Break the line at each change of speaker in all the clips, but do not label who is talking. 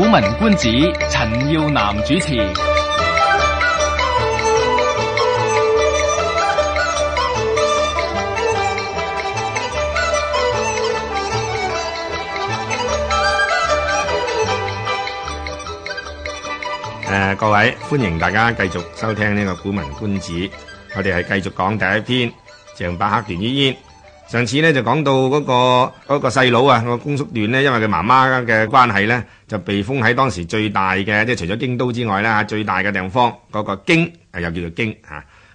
古文觀止，陳耀南主持。誒、呃，各位歡迎大家繼續收聽呢個《古文觀止》。我哋係繼續講第一篇《鄭伯克段于鄢》。上次咧就講到嗰、嗰個細、嗰個細佬啊，嗰個公叔段呢，因為佢媽媽嘅關係咧。就被封喺當時最大嘅，即係除咗京都之外咧最大嘅地方嗰、嗰個京啊，又叫做京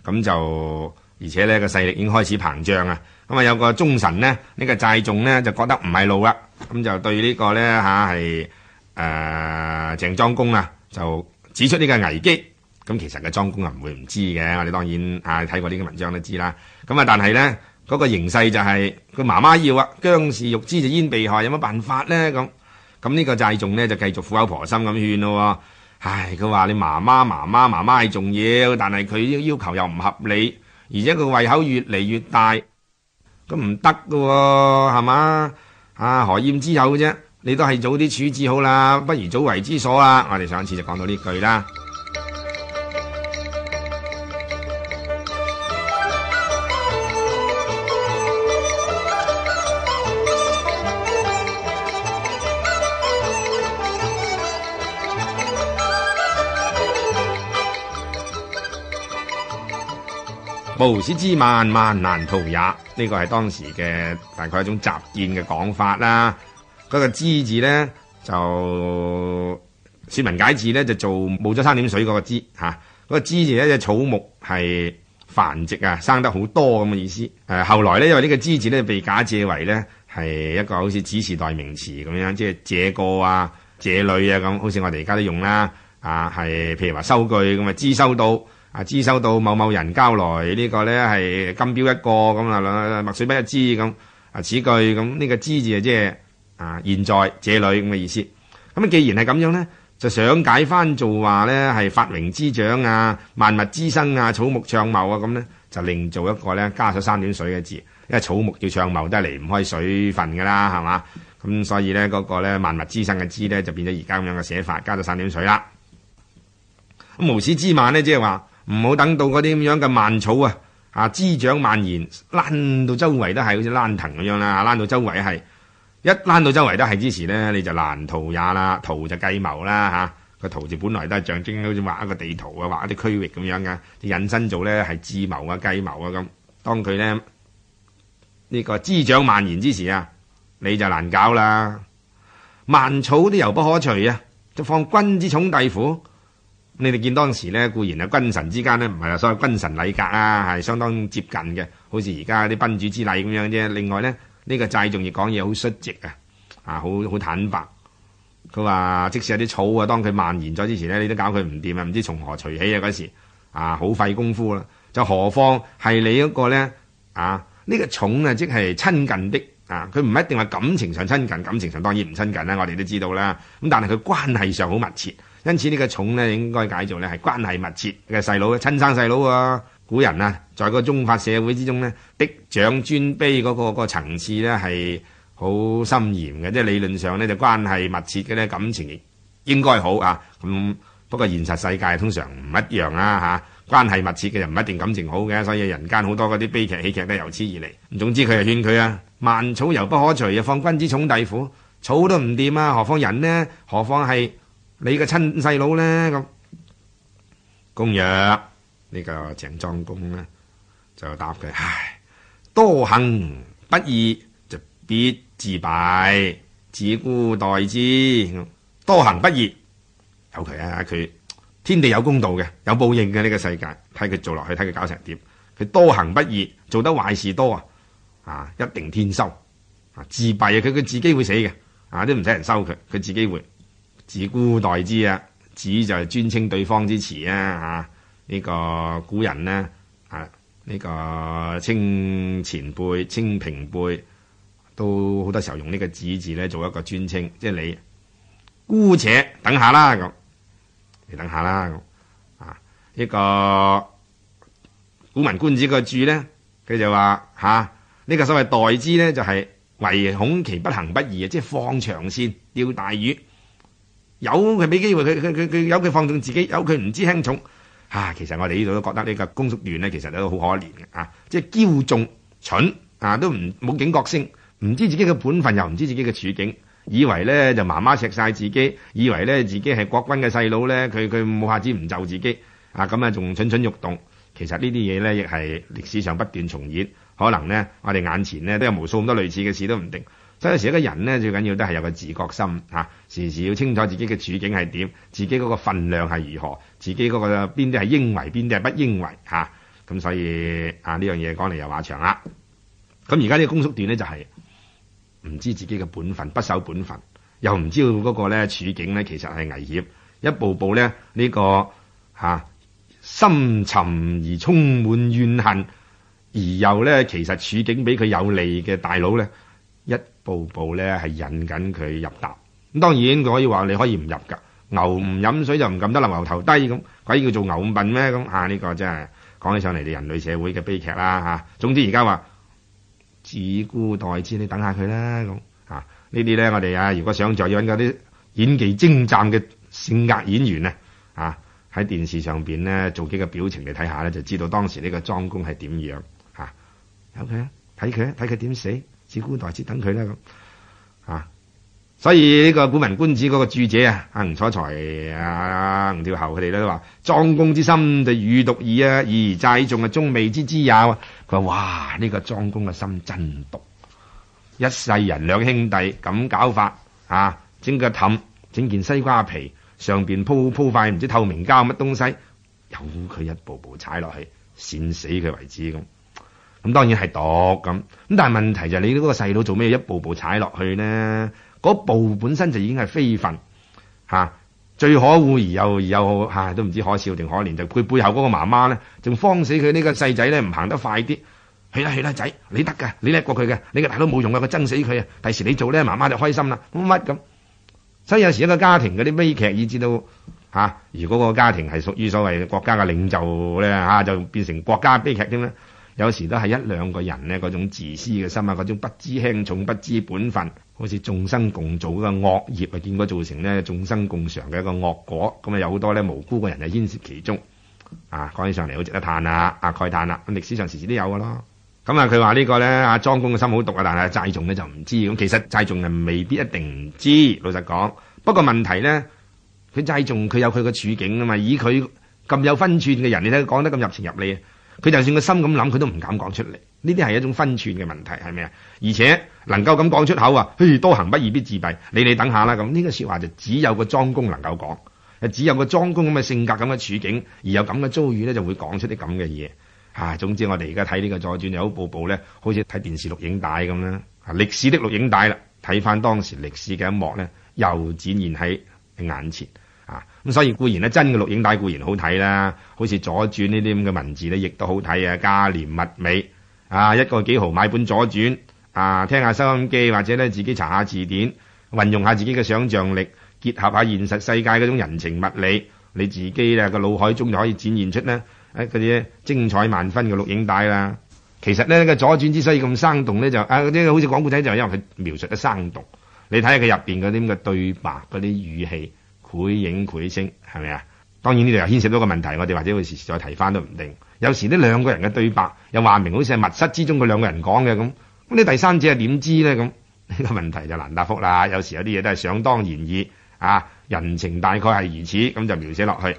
咁、啊、就而且呢個勢力已經開始膨脹啊。咁啊有個忠臣呢，呢、這個祭仲呢，就覺得唔係路啦。咁就對呢個呢，吓係誒鄭莊公啊，就指出呢個危機。咁其實個莊公啊唔會唔知嘅，我哋當然啊睇過呢個文章都知啦。咁啊但係呢，嗰、嗰個形勢就係、是、佢媽媽要啊，姜氏欲之就焉辟害，有乜辦法呢？」咁？咁呢個祭仲呢，就繼續苦口婆心咁勸咯喎、哦，唉，佢話你媽媽媽媽媽媽係重要，但係佢要求又唔合理，而且佢胃口越嚟越大，咁唔得㗎喎，係嘛？啊，何厭之有啫，你都係早啲處置好啦，不如早為之所啦。我哋上次就講到呢句啦。無使滋蔓，蔓難圖也。呢個係當時嘅大概一種習見嘅講法啦。嗰個滋字呢，就《說文解字》呢，就做冇咗三點水嗰個茲吓。嗰個茲字咧，只草木係繁殖啊，生得好多咁嘅意思。誒，後來咧，因為呢個茲字咧被假借為呢，係一個好似指示代名詞咁樣，即係這個啊、這裏啊咁，好似我哋而家都用啦。啊，係譬如話收據咁啊，茲收到。啊！支收到某某人交來呢、這個呢係金錶一個咁啊，墨水筆一支咁啊，此句咁呢、這個支字啊即係啊現在女這裡咁嘅意思。咁既然係咁樣呢，就想解翻做話呢係發榮滋長啊、萬物滋生啊、草木暢茂啊咁呢，就另做一個呢加咗三點水嘅字，因為草木要暢茂都係離唔開水分噶啦，係嘛？咁所以呢、那個，嗰個呢萬物滋生嘅滋呢，就變咗而家咁樣嘅寫法，加咗三點水啦。無使滋蔓呢，即係話。唔好等到嗰啲咁樣嘅蔓草啊，啊滋長蔓延，爛到周圍都係好似爛藤咁樣啦，爛到周圍係一爛到周圍都係之時呢，你就難圖也啦，圖就計謀啦吓，個圖字本來都係象徵好似畫一個地圖啊，畫一啲區域咁樣噶，啲引申做呢係智謀啊，計謀啊咁，當佢呢、呢個滋長蔓延之時啊，你就難搞啦，蔓草都猶不可除啊，就況君之寵弟乎？你哋見當時呢，固然係君臣之間呢，唔係啊，所謂君臣禮格呀，係相當接近嘅，好似而家啲賓主之禮咁樣啫。另外呢，呢個祭仲要講嘢好率直啊，啊，好好坦白。佢話即使有啲草啊，當佢蔓延咗之前呢，你都搞佢唔掂啊，唔知從何除起啊嗰時啊，好費功夫啦。就何況係你嗰個呢？啊？呢個寵啊，即係親近的啊，佢唔一定話感情上親近，感情上當然唔親近啦，我哋都知道啦。咁但係佢關係上好密切。因此呢個寵咧應該解做咧係關係密切嘅細佬、親生細佬啊！古人啊，在個宗法社會之中呢的長尊卑嗰、嗰個、嗰個層次呢係好森嚴嘅，即係理論上呢，就關係密切嘅呢感情應該好啊。咁、啊、不過現實世界通常唔一樣啊吓、啊，關係密切嘅人唔一定感情好嘅，所以人間好多嗰啲悲劇喜劇都由此而嚟。總之佢就勸佢啊，蔓草猶不可除，況君之寵弟乎，草都唔掂啊，何況人呢？何況係，你個親細佬咧，咁，公曰呢、這個鄭莊公呢，就答佢：唉，多行不義就必自斃，子姑待之。多行不義，有佢啊！佢天地有公道嘅，有報應嘅呢個世界。睇佢做落去，睇佢搞成點。佢多行不義，做得壞事多啊，啊，一定天收敗啊，自斃啊！佢，佢自己會死嘅，啊，都唔使人收佢，佢自己會。子姑待之啊，子就係尊稱對方之詞啊，吓、這、呢個古人呢，啊，呢、這個稱前輩、稱平輩，都好多時候用呢個子字咧做一個尊稱，即係你姑且等下啦，你等下啦，啊呢、這個古文觀止個注呢，佢就話吓呢個所謂待之呢，就係、是、唯恐其不行不義啊，即係放長線釣大魚。有佢俾機會，佢佢佢佢有佢放縱自己，有佢唔知輕重。啊，其實我哋呢度都覺得呢個共叔段呢，其實都好可憐嘅啊！即係驕縱、蠢啊，都唔冇警覺性，唔知自己嘅本分，又唔知自己嘅處境，以為呢就媽媽錫曬自己，以為呢自己係國君嘅細佬呢，佢佢冇下子唔就自己啊！咁啊，仲蠢蠢欲動。其實呢啲嘢呢，亦係歷史上不斷重演，可能呢，我哋眼前呢，都有無數咁多類似嘅事都唔定。所以有時一個人呢，最緊要都係有個自覺心，吓、啊，時時要清楚自己嘅處境係點，自己嗰個分量係如何，自己嗰個邊啲係應為，邊啲係不應為，吓、啊，咁所以啊呢樣嘢講嚟又話長啦。咁而家呢個共叔段呢，就係、是、唔知自己嘅本分，不守本分，又唔知道嗰個咧處境呢，其實係危險，一步步呢，呢、這個吓、啊、深沉而充滿怨恨，而又呢，其實處境比佢有利嘅大佬呢。步步咧係引緊佢入閘，咁當然佢可以話你可以唔入噶，牛唔飲水就唔撳得啦，牛頭低咁，鬼叫做牛笨咩咁啊？呢、這個真係講起上嚟就人類社會嘅悲劇啦吓、啊。總之而家話子姑待之，你等下佢啦咁啊呢啲、啊、呢，我哋啊如果想再揾嗰啲演技精湛嘅性格演員呢啊喺電視上邊呢做幾個表情嚟睇下呢就知道當時呢個莊公係點樣吓。有佢睇佢睇佢點死。只官待之等佢啦咁，啊，所以呢個古文觀止嗰個註者啊，阿吳楚材、阿吳調侯佢哋都話：莊公之心就欲毒矣，矣，之之矣啊！而寨眾啊，終未知之也。佢話：哇，呢、這個莊公嘅心真毒！一世人兩兄弟咁搞法啊，整個氹，整件西瓜皮上邊鋪鋪塊唔知道透明膠乜東西，由佢一步步踩落去，跣死佢為止咁。啊咁當然係毒咁，咁但係問題就係你嗰個細佬做咩一步步踩落去呢？嗰步本身就已經係非分、啊、最可惡而又而又唉、啊，都唔知可笑定可憐。就佢背後嗰個媽媽呢，仲慌死佢呢個細仔呢，唔行得快啲，去啦去啦，仔你得噶，你叻過佢嘅，你嘅大佬都冇用啊，佢憎死佢啊！第時你做呢，媽媽就開心啦，乜咁。所以有時一個家庭嗰啲悲劇，以至到、啊、如果個家庭係屬於所謂國家嘅領袖咧嚇、啊，就變成國家悲劇添。有時都係一兩個人呢，嗰種自私嘅心啊，嗰種不知輕重、不知本分，好似眾生共造嘅惡業見過惡啊，結果造成呢，眾生共嘗嘅一個惡果。咁啊，有好多呢無辜嘅人啊，淹死其中啊。講起上嚟好值得嘆啊，啊，慨嘆啦。歷、啊、史上時時都有噶咯。咁啊，佢話呢個呢，阿、啊、莊公嘅心好毒啊，但係債重呢就唔知。咁其實債重啊，未必一定唔知。老實講，不過問題呢，佢債重佢有佢嘅處境啊嘛。以佢咁有分寸嘅人，你睇佢講得咁入情入理啊。佢就算個心咁諗，佢都唔敢講出嚟。呢啲係一種分寸嘅問題，係咪啊？而且能夠咁講出口啊，嘿，多行不義必自斃。你你等下啦，咁呢個説話就只有個莊公能夠講，只有個莊公咁嘅性格、咁嘅處境而有咁嘅遭遇呢，就會講出啲咁嘅嘢。啊，總之我哋而家睇呢個《左傳有一步步》呢，好似睇電視錄影帶咁啦，啊，歷史的錄影帶啦，睇翻當時歷史嘅一幕呢，又展現喺眼前。咁所以固然咧，真嘅錄影帶固然好睇啦，好似左傳呢啲咁嘅文字咧，亦都好睇啊！價廉物美啊，一個幾毫買本左傳啊，聽下收音機或者咧自己查下字典，運用下自己嘅想像力，結合下現實世界嗰種人情物理，你自己咧個腦海中就可以展現出呢誒嗰啲精彩萬分嘅錄影帶啦。其實呢個左傳之所以咁生動呢，就啊啲好似講古仔，就因為佢描述得生動，你睇下佢入邊嗰啲咁嘅對白、嗰啲語氣。背影背聲，係咪啊？當然呢度又牽涉到個問題，我哋或者會時時再提翻都唔定。有時呢兩個人嘅對白又話明好似係密室之中個兩個人講嘅咁，咁你第三者係點知咧？咁呢個問題就難答覆啦。有時有啲嘢都係想當然爾啊，人情大概係如此，咁就描寫落去。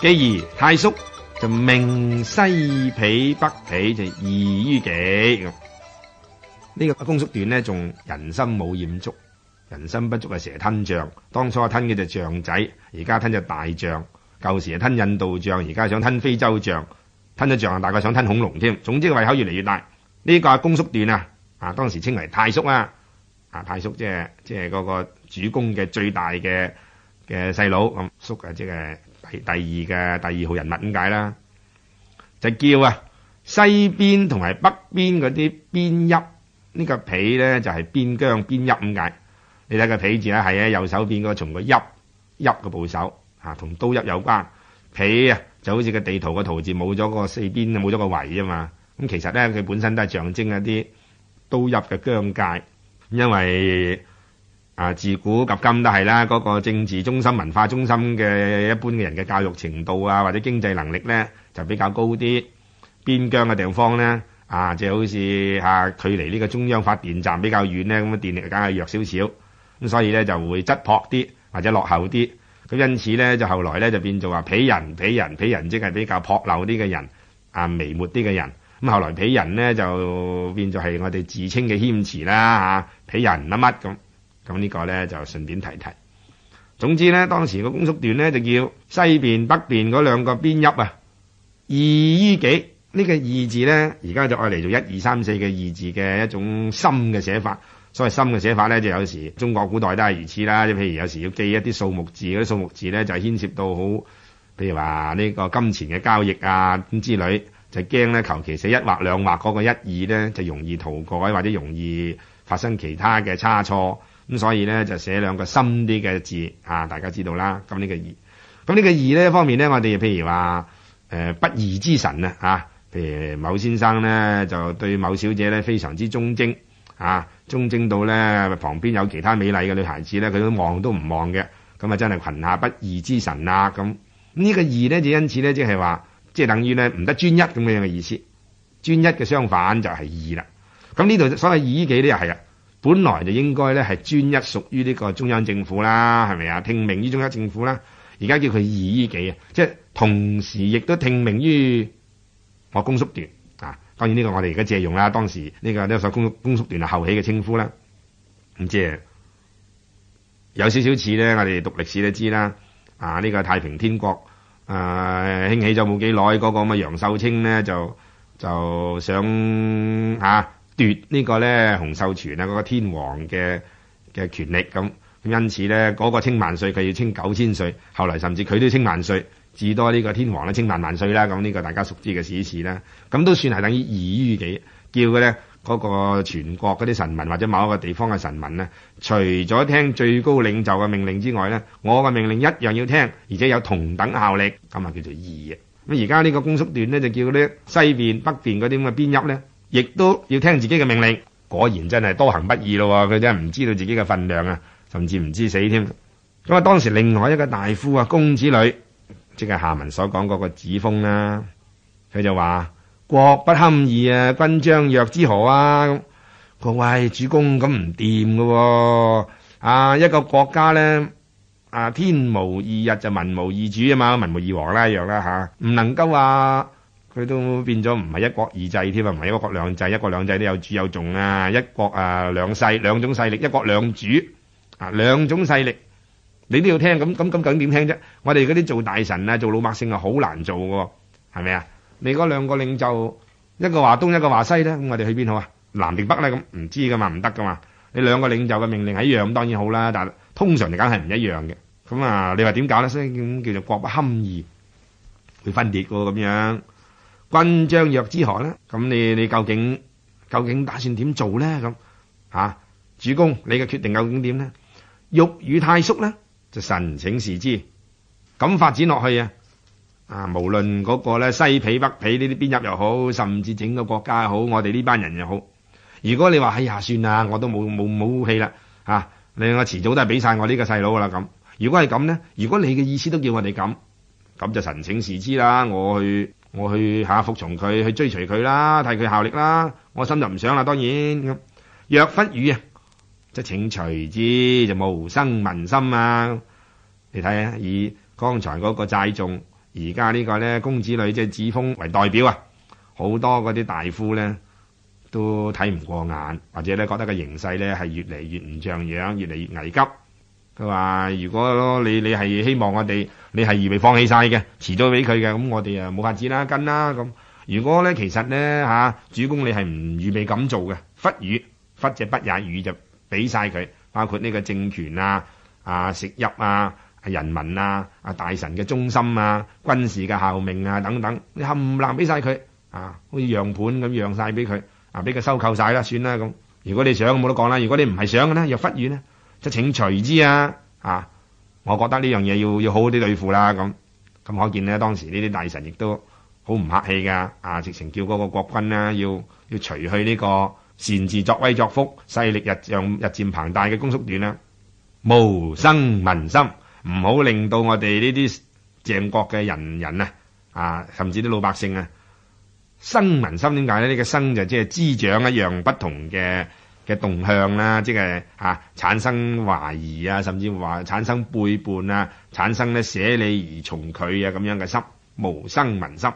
既而太叔就命西鄙北鄙就貳於己，呢、這個共叔段呢仲人心冇饜足，人心不足啊！蛇吞象，當初吞嘅隻象仔，而家吞隻大象。舊時係吞印度象，而家想吞非洲象，吞咗象啊，大概想吞恐龍添。總之個胃口越嚟越大。呢、這個共叔段啊，啊當時稱為太叔啦、啊，啊太叔即係即係嗰個主公嘅最大嘅嘅細佬咁叔啊即係。係第二嘅第二號人物，咁解啦？就叫啊西邊同埋北邊嗰啲邊邑，呢、這個鄙呢，就係邊疆邊邑咁解。你睇個鄙字啦，係啊右手邊個從個邑邑嘅部首啊，同都邑有關。鄙啊就好似個地圖個圖字冇咗個四邊，冇咗個圍啊嘛。咁其實呢，佢本身都係象徵一啲都邑嘅疆界，因為。啊！自古及今都係啦，嗰個政治中心、文化中心嘅一般嘅人嘅教育程度啊，或者經濟能力呢，就比較高啲。邊疆嘅地方呢，啊，即係好似嚇、啊、距離呢個中央發電站比較遠呢，咁、嗯、嘅電力梗係弱少少。咁所以呢，就會質樸啲或者落後啲。咁因此呢，就後來呢，就變做話鄙人、鄙人、鄙人即係比較樸陋啲嘅人，啊，微末啲嘅人。咁、啊、後來鄙人呢，就變咗係我哋自稱嘅謙辭啦嚇，鄙人啊乜乜咁。咁呢個呢，就順便提提。總之呢，當時個共叔段呢，就叫西邊北邊嗰兩個邊邑啊。貳於己呢個二字呢，而家就愛嚟做一二三四嘅二字嘅一種深嘅寫法。所謂深嘅寫法呢，就有時中國古代都係如此啦。即譬如有時要記一啲數目字，嗰啲數目字呢，就牽涉到好，譬如話呢個金錢嘅交易啊之類，就驚呢求其寫一畫兩畫嗰個一二呢，就容易塗改或者容易發生其他嘅差錯。咁所以咧就寫兩個深啲嘅字啊，大家知道啦。咁、這個、呢個二，咁呢個二呢一方面呢，我哋譬如話誒、呃、不二之神啊，譬如某先生呢就對某小姐呢非常之忠貞啊，忠貞到呢，旁邊有其他美麗嘅女孩子呢，佢都望都唔望嘅，咁啊真係群下不二之神啦。咁呢個二呢，就因此就呢，即係話，即係等於呢唔得專一咁樣嘅意思，專一嘅相反就係二啦。咁呢度所謂二幾呢，又係啦。本來就應該咧係專一屬於呢個中央政府啦，係咪啊？聽命於中央政府啦，而家叫佢貳於己啊？即係同時亦都聽命於我公叔段啊！當然呢個我哋而家借用啦，當時呢個呢個所公叔公叔段後起嘅稱呼啦，唔知有少少似呢，我哋讀歷史都知啦啊！呢、呢個太平天國誒、啊、興起咗冇幾耐，嗰、嗰個乜楊秀清呢，就就想啊～奪呢個呢，洪秀全啊，嗰、那個天王嘅嘅權力咁，咁因此呢，嗰、那個稱萬歲，佢要稱九千歲，後來甚至佢都要稱萬歲，至多呢個天王呢稱萬萬歲啦。咁呢個大家熟知嘅史事啦，咁都算係等於貳於己，叫嘅呢，嗰、那個全國嗰啲臣民或者某一個地方嘅臣民呢，除咗聽最高領袖嘅命令之外呢，我嘅命令一樣要聽，而且有同等效力，咁啊叫做貳啊。咁而家呢個共叔段呢，就叫啲西邊北邊嗰啲咁嘅邊邑呢。亦都要聽自己嘅命令，果然真係多行不義咯。佢真係唔知道自己嘅分量啊，甚至唔知死添。咁啊，當時另外一個大夫啊，公子呂，即係下文所講嗰個子封啦，佢就話：國不堪貳啊，君將若之何啊？各位主公咁唔掂噶，啊一個國家呢，啊天無二日就民無二主啊嘛，民無二王啦，一樣啦吓，唔能夠話。佢都變咗唔係一國二制添啊，唔係一國兩制，一國兩制都有主有從啊，一國啊兩勢，兩種勢力，一國兩主啊，兩種勢力，你都要聽，咁咁咁咁究竟點聽啫？我哋嗰啲做大臣啊，做老百姓啊，好難做嘅，係咪啊？你嗰兩個領袖，一個話東，一個話西咧，咁我哋去邊好啊？南定北咧，咁唔知㗎嘛，唔得㗎嘛。你兩個領袖嘅命令係一樣，咁當然好啦。但係通常嚟講係唔一樣嘅。咁啊，你話點搞咧？所以咁叫做國不堪貳，會分裂嘅咁樣。君將若之何，呢咁你你究竟究竟打算點做呢？咁、啊、吓，主公你嘅決定究竟點呢？欲與太叔呢，就臣請事之，咁發展落去啊！啊，無論嗰個咧西鄙北鄙呢啲邊入又好，甚至整個國家又好，我哋呢班人又好。如果你話哎呀，算啦，我都冇冇武器啦，吓、啊、你我遲早都係俾晒我呢個細佬啦。咁如果係咁呢，如果你嘅意思都叫我哋咁咁，就臣請事之啦，我去。我去下服從佢，去追隨佢啦，替佢效力啦。我心就唔想啦，當然。若弗與啊，則請除之就無生民心啊！你睇下，以剛才嗰個祭仲，而家呢個呢公子呂即係子封為代表啊，好多嗰啲大夫呢都睇唔過眼，或者呢覺得個形勢呢係越嚟越唔像樣，越嚟越危急。佢話：如果你你係希望我哋，你係預備放棄晒嘅，遲早俾佢嘅，咁我哋啊冇法子啦，跟啦咁。如果咧，其實咧吓，主公你係唔預備咁做嘅，弗與忽就不也予就俾晒佢，包括呢個政權啊、啊食邑啊、人民啊、啊大臣嘅忠心啊、軍事嘅效命啊等等，你冚唪唥俾晒佢啊，好似讓盤咁讓晒俾佢，啊俾佢收購晒啦，算啦咁。如果你想冇得講啦，如果你唔係想嘅咧，又弗與咧。即係請除之啊！啊，我覺得呢樣嘢要要好好啲對付啦。咁咁可見咧，當時呢啲大臣亦都好唔客氣噶。啊，直情叫嗰個國君咧，要要除去呢個擅自作威作福、勢力日漸日漸龐大嘅共叔段啦，無生民心，唔好令到我哋呢啲鄭國嘅人人啊，啊，甚至啲老百姓啊，生民心點解咧？呢個生就即係滋長一樣不同嘅嘅動向啦，即係，啊、產生懷疑啊，甚至話產生背叛啊，產生呢捨你而從佢啊咁樣嘅心，無生民心，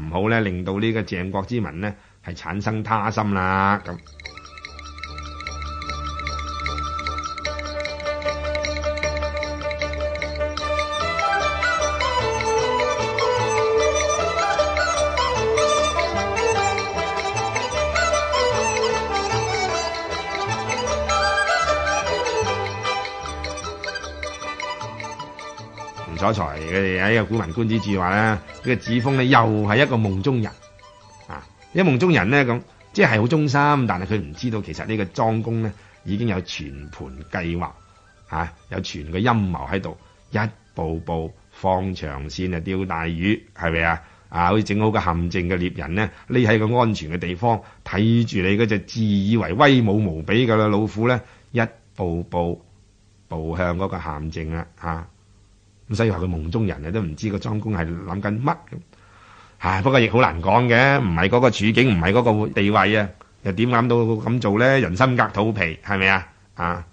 唔好咧令到呢個鄭國之民呢係產生他心啦咁。所才佢哋喺《個古文觀止注》話咧，呢個子封呢又係一個夢中人啊！一夢中人呢，咁，即係好忠心，但係佢唔知道其實呢個莊公呢已經有全盤計劃嚇、啊，有全個陰謀喺度，一步步放長線啊，釣大魚係咪啊？啊，好似整好個陷阱嘅獵人呢匿喺個安全嘅地方睇住你嗰隻自以為威武無比嘅老虎咧，一步步步，步向嗰個陷阱啊！嚇～唔使話佢夢中人嘅都唔知個莊公係諗緊乜唉！不過亦好難講嘅，唔係嗰個處境，唔係嗰個地位啊，又點諗到咁做呢？人心隔肚皮，係咪啊？啊！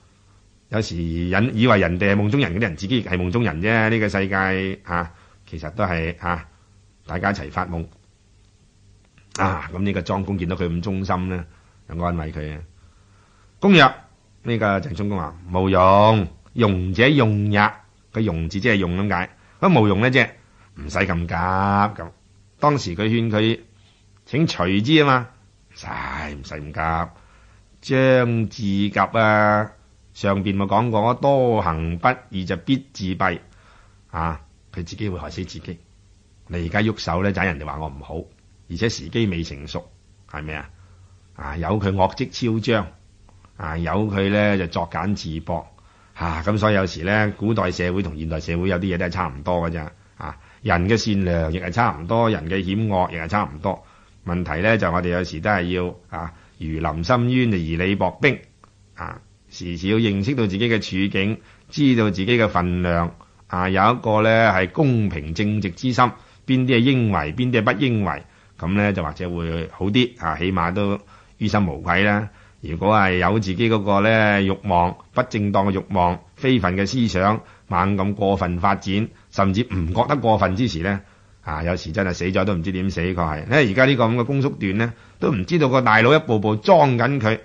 有時人以為人哋係夢中人，嗰啲人自己亦係夢中人啫。呢個世界啊，其實都係啊，大家一齊發夢啊！咁呢個莊公見到佢咁忠心呢，就安慰佢啊。公曰：呢個鄭莊公話冇用，用者用也。用字即係用咁解？乜冇用呢。即係唔使咁急咁。當時佢勸佢，請隨之啊嘛，唉，唔使咁急。將自及啊，上邊咪講過，多行不義就必自斃啊！佢自己會害死自己。你而家喐手咧，就人哋話我唔好，而且時機未成熟，係咪啊？啊，有佢惡迹超張，啊，有佢咧就作繭自縛。啊，咁所以有時呢，古代社會同現代社會有啲嘢都係差唔多嘅咋啊，人嘅善良亦係差唔多，人嘅險惡亦係差唔多。問題呢，就我哋有時都係要啊，如臨深淵就如履薄冰。啊，時時要認識到自己嘅處境，知道自己嘅份量。啊，有一個呢係公平正直之心，邊啲係應為，邊啲係不應為。咁呢，就或者會好啲。啊，起碼都於心無愧啦。如果係有自己嗰個咧慾望、不正當嘅慾望、非分嘅思想猛咁過分發展，甚至唔覺得過分之時咧，啊，有時真係死咗都唔知點死，確係。誒而家呢個咁嘅共叔段咧，都唔知道個大佬一步步裝緊佢，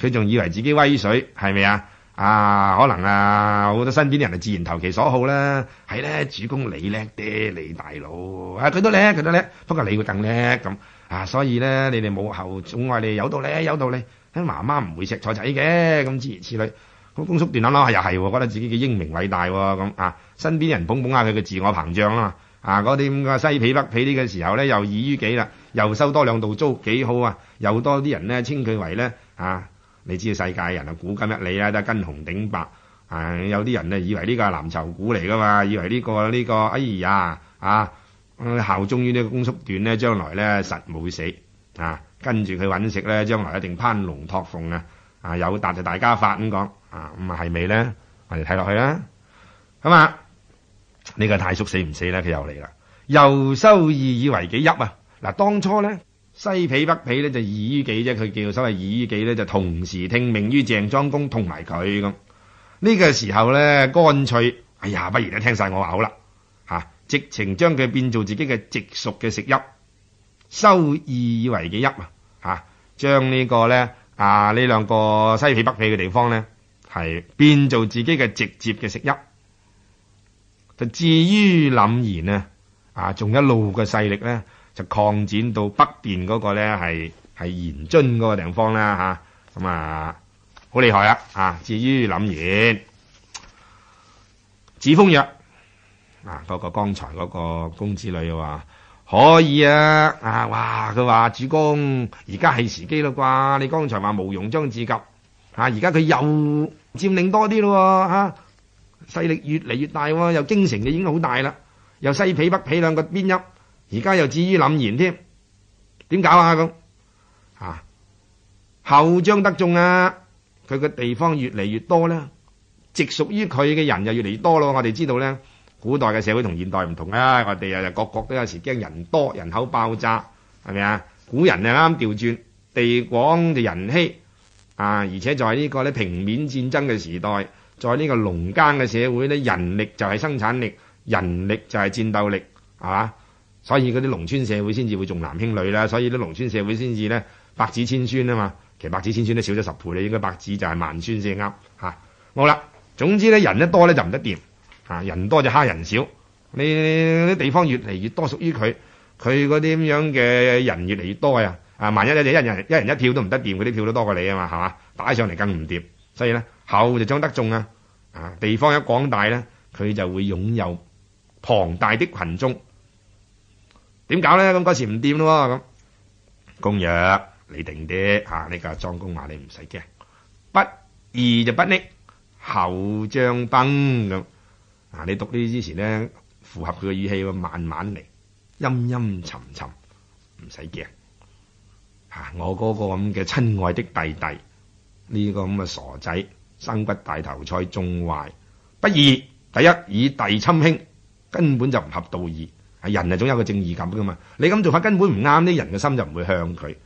佢仲以為自己威水，係咪啊？啊，可能啊，好多身邊啲人係，自然投其所好啦。係咧，主公你叻，爹，你大佬啊，佢都叻，佢都叻，不過你會更叻咁啊。所以咧，你哋母后總愛你有道理，有道理。媽媽唔會錫菜仔嘅咁，諸如此類。咁公叔段諗諗下，又、哎、係覺得自己嘅英明偉大喎，咁啊，身邊人捧捧下佢嘅自我膨脹啦嘛。啊，嗰啲咁嘅西鄙北鄙啲嘅時候咧，又貳於己啦，又收多兩道租幾好啊，又多啲人呢稱佢為咧啊，你知道世界人啊古今一理啊，都跟紅頂白。啊，有啲人呢，以為呢個係藍籌股嚟噶嘛，以為呢、呢個呢、呢個哎呀啊，效忠於呢個公叔段呢，將來咧實冇死啊。跟住佢揾食咧，將來一定攀龍托鳳啊！啊，有達就大家發咁講啊，咁啊係未呢？我哋睇落去啦。咁啊，呢個太叔死唔死咧？佢又嚟啦，又收貳以為己邑啊！嗱、啊，當初呢，西鄙北鄙呢就貳於己啫，佢叫所謂貳於己呢，就同時聽命於鄭莊公同埋佢咁。呢個時候呢，乾脆，哎呀，不如咧聽曬我話好啦、啊，直情將佢變做自己嘅直屬嘅食邑。收二為己邑啊！吓，將呢個咧啊呢兩個西鄙北鄙嘅地方咧，係變做自己嘅直接嘅食邑。就至于廩延啊，啊，仲一路嘅勢力咧，就擴展到北邊嗰個咧係係延津嗰個地方啦吓。咁啊，好厲害啊！啊，至于廩延，子封曰：啊，嗰個剛才嗰個公子呂話。可以啊！啊哇，佢話主公，而家係時機喇啩？你剛才話無庸將自及，啊而家佢又佔領多啲咯，吓勢力越嚟越大喎，又京城嘅已經好大啦，又西鄙北鄙兩個邊邑，而家又至于廩延添，點搞啊咁？啊，厚將得眾啊，佢嘅地方越嚟越多啦，直屬於佢嘅人又越嚟越多咯，我哋知道呢。古代嘅社會同現代唔同啊！我哋又又個個都有時驚人多人口爆炸，係咪啊？古人就啱啱調轉地廣就人稀啊！而且在呢個呢平面戰爭嘅時代，在呢個農耕嘅社會咧，人力就係生產力，人力就係戰鬥力，係嘛？所以嗰啲農村社會先至會重男輕女啦，所以啲農村社會先至呢，百子千孫啊嘛，其實百子千孫都少咗十倍，你應該百子就係萬孫先啱嚇。好啦，總之呢，人一多咧就唔得掂。啊！人多就蝦，人少呢啲地方越嚟越多屬於佢，佢嗰啲咁樣嘅人越嚟越多呀。啊！萬一咧，就一人一人一票都唔得掂，嗰啲票都多過你啊嘛，係嘛？擺上嚟更唔掂，所以呢，厚就將得眾啊！啊，地方一廣大呢，佢就會擁有龐大的群眾。點搞呢？咁嗰時唔掂咯，咁公約你定啲嚇，呢個莊公話你唔使驚，不義就不暱，厚將崩咁。嗱、啊，你讀呢啲之前呢，符合佢嘅語氣，慢慢嚟，陰陰沉沉，唔使驚。吓、啊，我嗰個咁嘅親愛的弟弟，呢個咁嘅傻仔，生骨大頭菜仲壞，不義。第一，以弟侵兄，根本就唔合道義。係人啊，總有個正義感噶嘛。你咁做法根本唔啱，呢人嘅心就唔會向佢。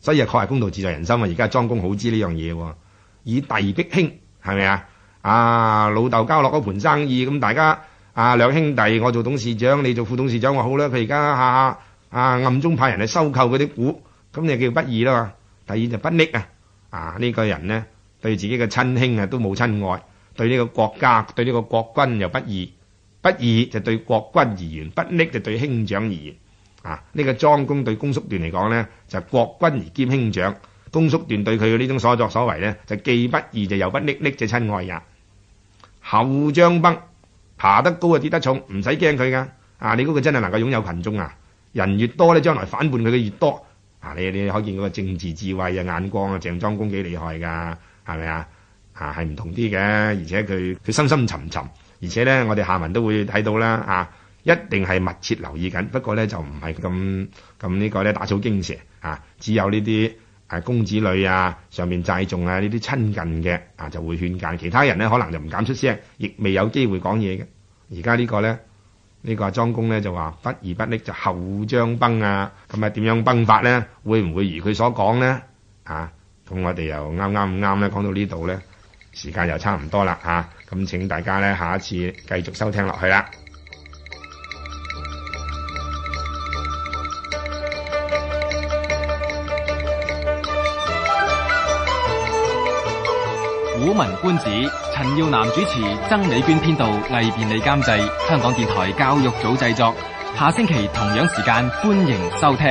所以啊，確係公道自在人心啊。而家莊公好知呢樣嘢，以弟逼兄，係咪啊？啊，老豆交落嗰盤生意，咁大家啊兩兄弟，我做董事長，你做副董事長，我好啦。佢而家下啊，啊暗中派人嚟收購嗰啲股，咁你叫不義啦嘛。第二就不匿啊！啊呢、這個人呢，對自己嘅親兄啊都冇親愛，對呢個國家對呢個國君又不義，不義就對國君而言，不匿就對兄長而言。啊呢、這個莊公對公叔段嚟講呢，就國君而兼兄長，公叔段對佢嘅呢種所作所為呢，就既不義就又不匿，匿者親愛厚將崩，爬得高啊，跌得重，唔使驚佢噶。啊，你估佢真係能夠擁有群眾啊，人越多咧，將來反叛佢嘅越多。啊，你你可見嗰個政治智慧啊、眼光啊，鄭莊公幾厲害噶，係咪啊？啊，係唔同啲嘅，而且佢佢深深沉沉，而且咧，我哋下文都會睇到啦。啊，一定係密切留意緊，不過咧就唔係咁咁呢個咧打草驚蛇啊，只有呢啲。係公子女啊，上面債眾啊，呢啲親近嘅啊就會勸諫其他人呢，可能就唔敢出聲，亦未有機會講嘢嘅。而家呢個呢，呢、呢個阿莊公呢，就話不義不暱，就厚將崩啊，咁啊點樣崩法呢？會唔會如佢所講呢？啊，咁我哋又啱啱咁啱呢講到呢度呢，時間又差唔多啦嚇，咁、啊、請大家呢，下一次繼續收聽落去啦。古文觀止，陳耀南主持，曾美娟編導，魏便利監製，香港電台教育組製作。下星期同樣時間，歡迎收聽。